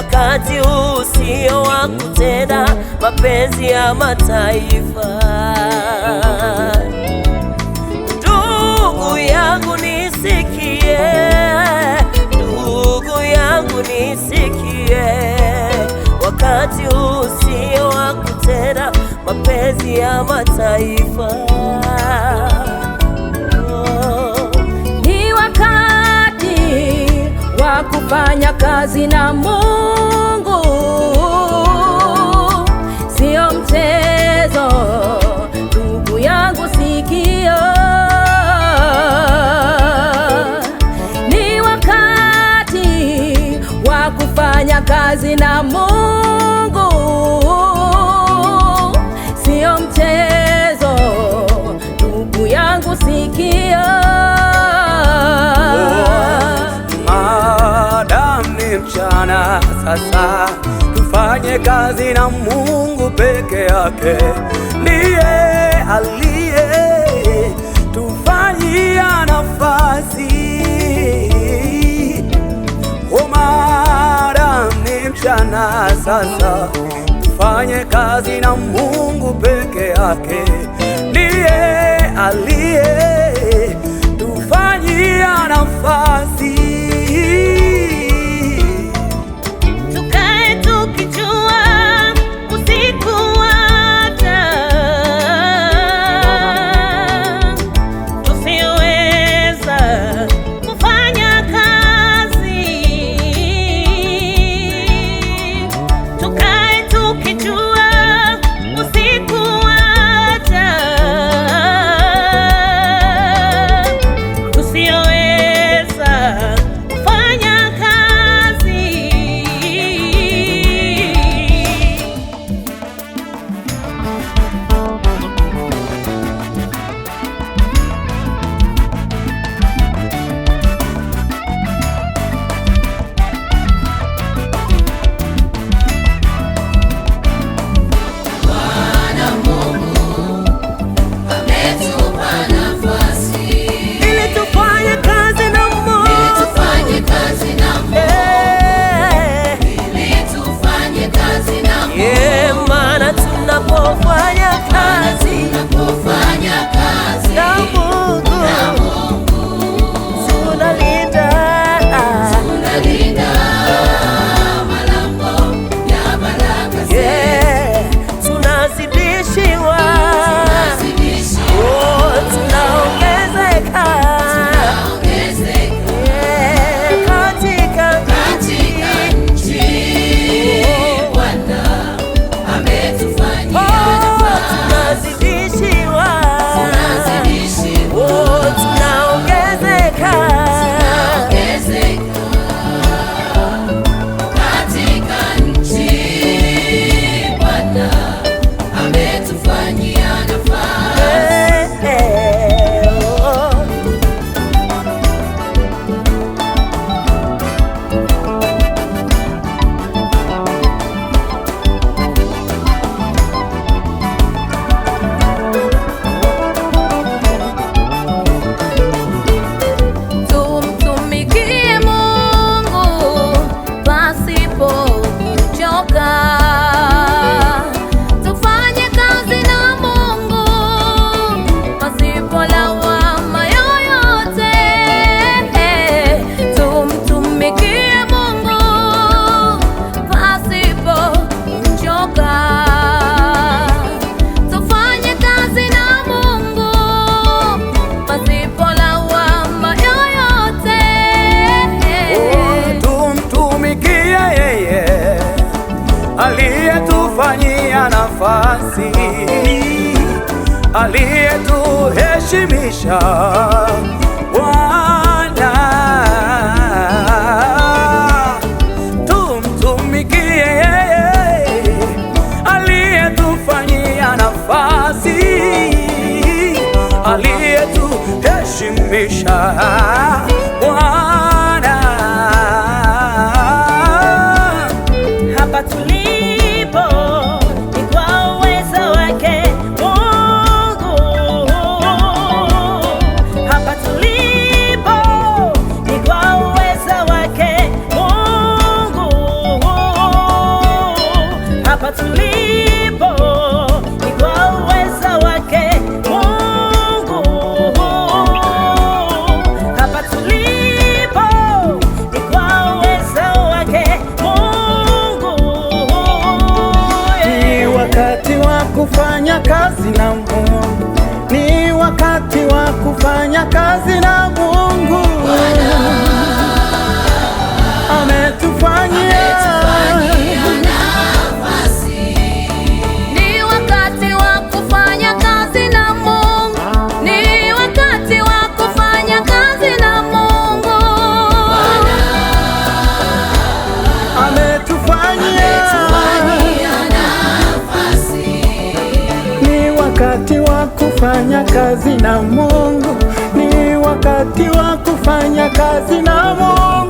wakati huu sio wa kutenda mapenzi ya mataifa. Ndugu yangu nisikie, ndugu yangu nisikie, wakati huu sio wa kutenda mapenzi ya mataifa. Ni wakati wa kufanya kazi na Mungu. na Mungu sio mchezo, ndugu yangu, sikia. mchana sasa, tufanye kazi na Mungu peke yake, ndiye mchana sasa, fanye kazi na Mungu peke yake, ndiye aliye aliyetuheshimisha Bwana, tumtumikie yeye aliyetufanyia nafasi, aliyetuheshimisha wakati wa kufanya kazi na Mungu, ni wakati wa kufanya kazi na Mungu.